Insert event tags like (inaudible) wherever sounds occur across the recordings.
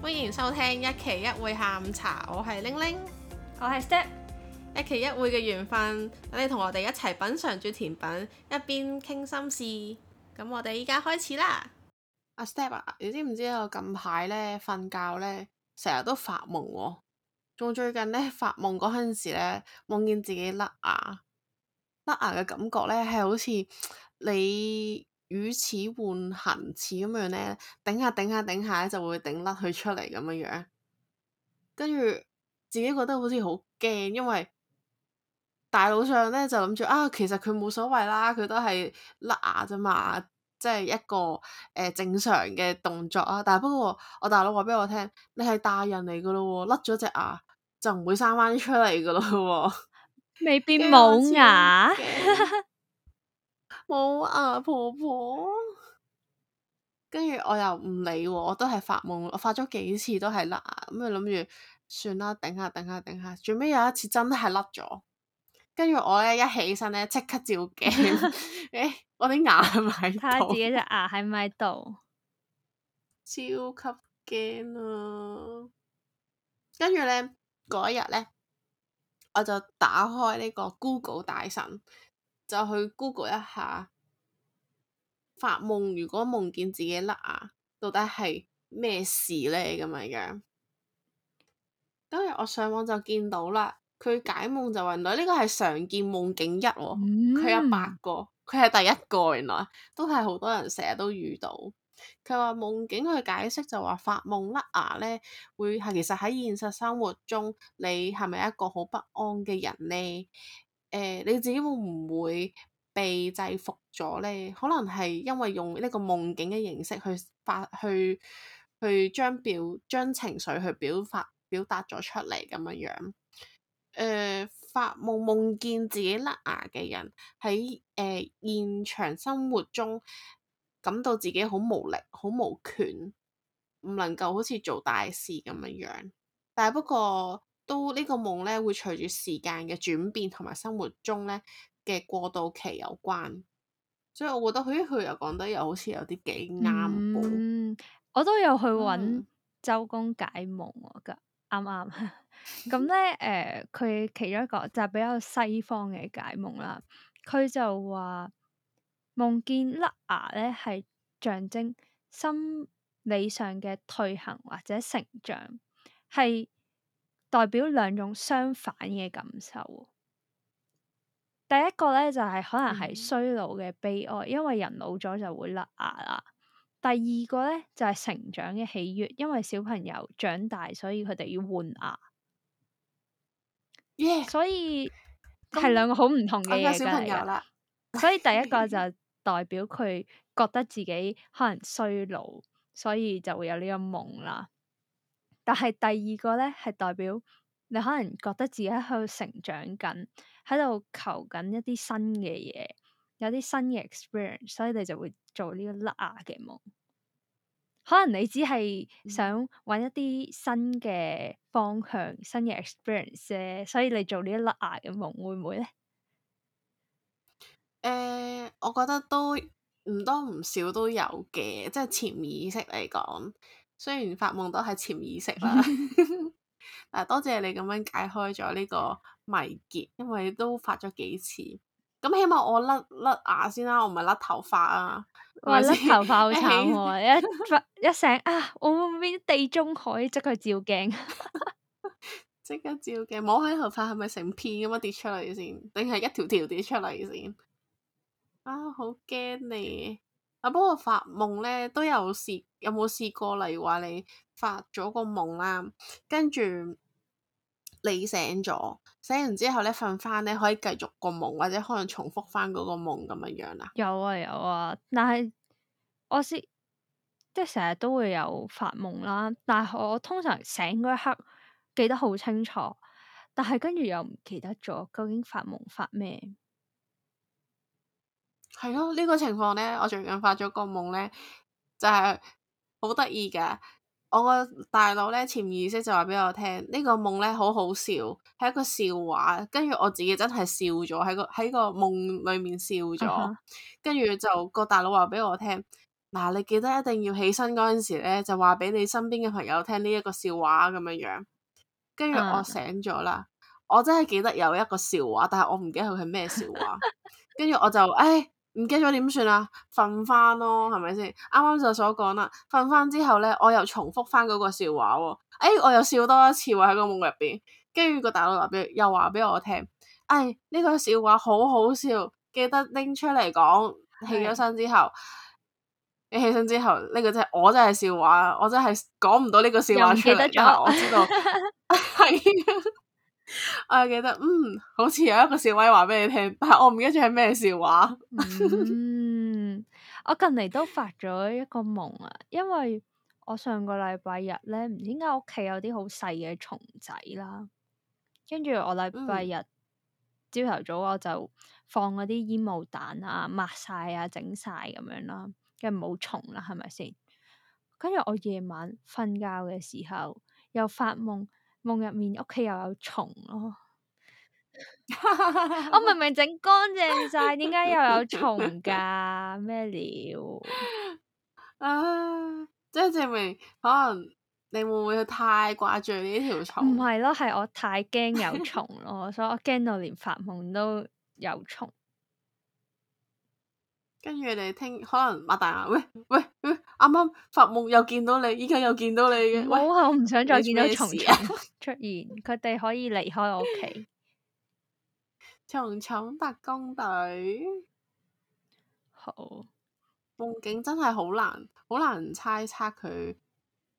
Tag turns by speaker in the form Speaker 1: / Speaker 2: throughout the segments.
Speaker 1: 歡迎收聽一期一會下午茶，我係玲玲，我係 Step，一期一會嘅緣分，等你同我哋一齊品嘗住甜品，一邊傾心事，咁我哋依家開始啦。阿 Step 啊，你知唔知我近排呢？瞓覺呢，成日都發夢喎、哦。仲最近呢，發夢嗰陣時呢，夢見自己甩牙，甩牙嘅感覺呢，係好似你乳齒換恆齒咁樣呢，頂下頂下頂下就會頂甩佢出嚟咁樣樣，跟住自己覺得好似好驚，因為大腦上呢，就諗住啊，其實佢冇所謂啦，佢都係甩牙啫嘛，即係一個誒正常嘅動作啊。但係不過我大佬話俾我聽，你係大人嚟噶咯喎，甩咗隻牙。就唔會生翻出嚟噶咯，未必冇牙，冇 (laughs) (laughs) 牙婆婆。跟 (laughs) 住我又唔理，喎，我都係發夢，我發咗幾次都係甩牙，咁就諗住算啦，頂下頂下頂下。最尾有一次真係甩咗，跟住我咧一起身呢，即刻照鏡，誒，我啲牙係咪？睇下自己隻牙喺咪度，超級驚啊！跟住呢。嗰日呢，我就打開呢個 Google 大神，就去 Google 一下發夢。如果夢見自己甩牙，到底係咩事呢？」咁樣樣，當日我上網就見到啦。佢解夢就話到，呢、這個係常見夢境一喎、哦。佢有八個，佢係第一個，原來都係好多人成日都遇到。佢話夢境去解釋就話發夢甩牙呢，會係其實喺現實生活中，你係咪一個好不安嘅人呢？誒、呃，你自己會唔會被制服咗呢？可能係因為用呢個夢境嘅形式去發去去，去將表將情緒去表發表達咗出嚟咁樣樣。誒、呃，發夢夢見自己甩牙嘅人喺誒、呃、現場生活中。感到自己好無力、好無權，唔能夠好似做大事咁樣樣。但係不過都、這個、夢呢個夢咧，會隨住時間嘅轉變同埋生活中咧嘅過渡期有關。所以我覺得，咦、哎，佢又講得又好似有啲幾啱。嗯，
Speaker 2: 我都有去揾周公解夢、嗯、我覺得啱啱。咁咧，誒， (laughs) (laughs) 佢、呃、其中一個就係比較西方嘅解夢啦。佢就話。夢見甩牙呢，係象徵心理上嘅退行或者成長，係代表兩種相反嘅感受。第一個呢，就係、是、可能係衰老嘅悲哀，因為人老咗就會甩牙啦。第二個呢，就係、是、成長嘅喜悦，因為小朋友長大，所以佢哋要換牙。Yeah. 所以係兩個好唔同嘅嘢嚟嘅。西所以第一個就。 (laughs) 代表佢覺得自己可能衰老，所以就會有呢個夢啦。但係第二個咧，係代表你可能覺得自己喺度成長緊，喺度求緊一啲新嘅嘢，有啲新嘅 experience，所以你就會做呢個甩牙嘅夢。可能你只係想搵一啲新嘅方向、新嘅 experience，所以你做呢一甩牙
Speaker 1: 嘅夢會唔會咧？誒、欸，我覺得都唔多唔少都有嘅，即係潛意識嚟講。雖然發夢都係潛意識啦，但 (laughs) (laughs) 多謝你咁樣解開咗呢個謎結，因為都發咗幾次。咁起碼我甩甩牙先啦，我唔係甩頭髮啊，哇啊。我甩頭髮好慘喎！一醒啊，我會唔會地中海即照鏡 (laughs) (laughs) 刻照鏡，即刻照鏡，摸起頭髮係咪成片咁樣跌出嚟先，定係一條條跌出嚟先？啊，好驚你啊！不過發夢咧都有試，有冇試過例如話你發咗個夢啦？跟住你醒咗，醒完之後咧瞓翻咧可以繼續個夢，或者可能重複翻嗰個夢咁樣樣啦。有啊有啊，
Speaker 2: 但係我試即係成日都會有發夢啦，但係我通常醒嗰一刻記得好清楚，但係跟住又唔記得
Speaker 1: 咗究竟發夢發咩。係咯，呢、這個情況呢，我最近發咗個夢呢就係好得意嘅，我個大佬咧潛意識就話俾我聽，呢個夢呢，好、就是這個、好笑，係一個笑話。跟住我自己真係笑咗喺個喺個夢裏面笑咗。跟住、uh huh. 就個大佬話俾我聽，嗱、啊，你記得一定要起身嗰陣時咧，就話俾你身邊嘅朋友聽呢一個笑話咁樣樣。跟住我醒咗啦，uh huh. 我真係記得有一個笑話，但係我唔記得佢係咩笑話。跟住 (laughs) 我就誒。哎唔記得咗點算啊？瞓翻咯，係咪先？啱啱就所講啦。瞓翻之後呢，我又重複翻嗰個笑話喎、哦。誒、哎，我又笑多一次喎喺個夢入邊。跟住個大佬入邊又話俾我聽，誒、哎、呢、這個笑話好好笑，記得拎出嚟講。起咗身之後，你的起身之後呢、這個真、就、係、是、我真係笑話，我真係講唔到呢個笑話出嚟，但係我知道係。 (laughs) (laughs) 我記得，嗯，好似有一個笑位話俾你聽，但係我唔記得咗係咩笑話。 (laughs) 嗯，
Speaker 2: 我近嚟都發咗一個夢啊，因為我上個禮拜日咧，唔知點解屋企有啲好細嘅蟲仔啦，跟住我禮拜日朝頭、嗯、早我就放嗰啲煙霧彈啊，抹晒啊，整晒咁樣啦，跟住冇蟲啦，係咪先？跟住我夜晚瞓覺嘅時候又發夢。夢入面屋企又有蟲咯， (laughs) (laughs) 我明明整乾淨晒，點解又有蟲噶？咩料？啊！Uh, 即係證明，可能你會唔會太掛住呢條蟲？唔係咯，係我太驚有蟲咯， (laughs) 所以我驚
Speaker 1: 到連發夢都有蟲。跟住你聽，可能擘大眼喂喂。啱啱發夢又見到你，依家又見到你嘅，嗯、喂我
Speaker 2: 好唔想再見到蟲蟲出現，佢哋、啊、 (laughs) 可以離開我屋企。
Speaker 1: 蟲蟲特工隊，好，夢境真係好難，好難猜測佢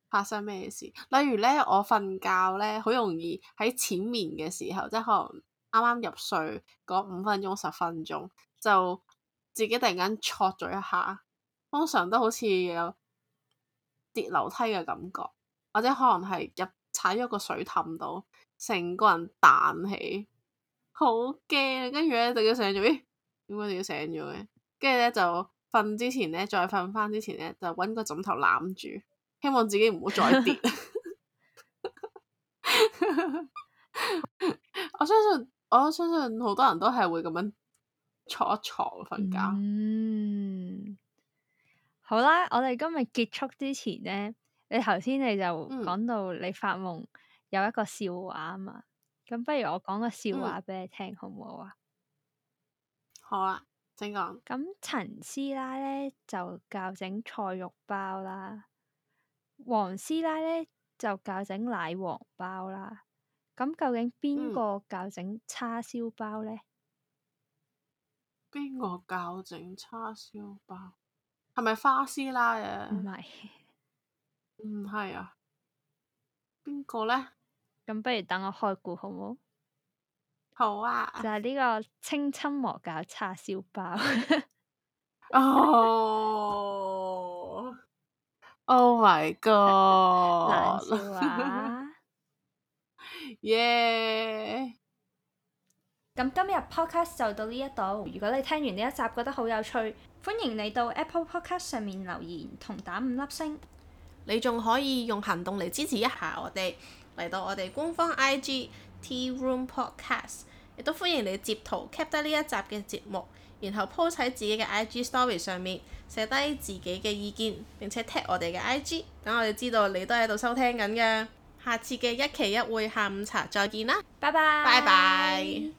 Speaker 1: 發生咩事。例如呢，我瞓覺呢，好容易喺淺眠嘅時候，即、就、係、是、可能啱啱入睡嗰五分鐘、十分鐘，就自己突然間戳咗一下。通常都好似有跌樓梯嘅感覺，或者可能係入踩咗個水氹度，成個人彈起，好驚。跟住呢就要醒咗，咦，點解你要醒咗嘅？跟住呢就瞓之前呢，再瞓翻之前呢，就揾個枕頭攬住，希望自己唔好再跌 (laughs) (laughs) 我。我相信我相信好多人都係會咁樣坐一坐瞓覺。嗯
Speaker 2: 好啦，我哋今日結束之前呢，你頭先你就講、嗯、到你發夢有一個笑話啊嘛，咁不如我講個笑話俾、嗯、你聽，好唔好啊？好啊，請講。咁陳師奶呢，就教整菜肉包啦，黃師奶呢，就教整奶黃包啦，咁究竟邊個教整叉
Speaker 1: 燒包呢？邊個、嗯、教整叉燒包？係咪花師奶是啊？唔係，唔係啊，
Speaker 2: 邊個呢？咁不如等我開估好冇？好啊！就係呢個青春魔教叉燒包。
Speaker 1: 哦 (laughs) oh!，Oh my God！來 (laughs) (laughs) 啊 (laughs) y、yeah!
Speaker 2: 咁今日 podcast 就到呢一度。如果你聽完呢一集覺得好有趣，歡迎你到
Speaker 1: Apple Podcast 上面留言同打五粒星。你仲可以用行動嚟支持一下我哋，嚟到我哋官方 IG Tea Room Podcast，亦都歡迎你截圖，kept 得呢一集嘅節目，然後 post 喺自己嘅 IG Story 上面寫低自己嘅意見，並且 tag 我哋嘅 IG，等我哋知道你都喺度收聽緊嘅。下次嘅一期一會下午茶，再見啦，拜拜，拜拜。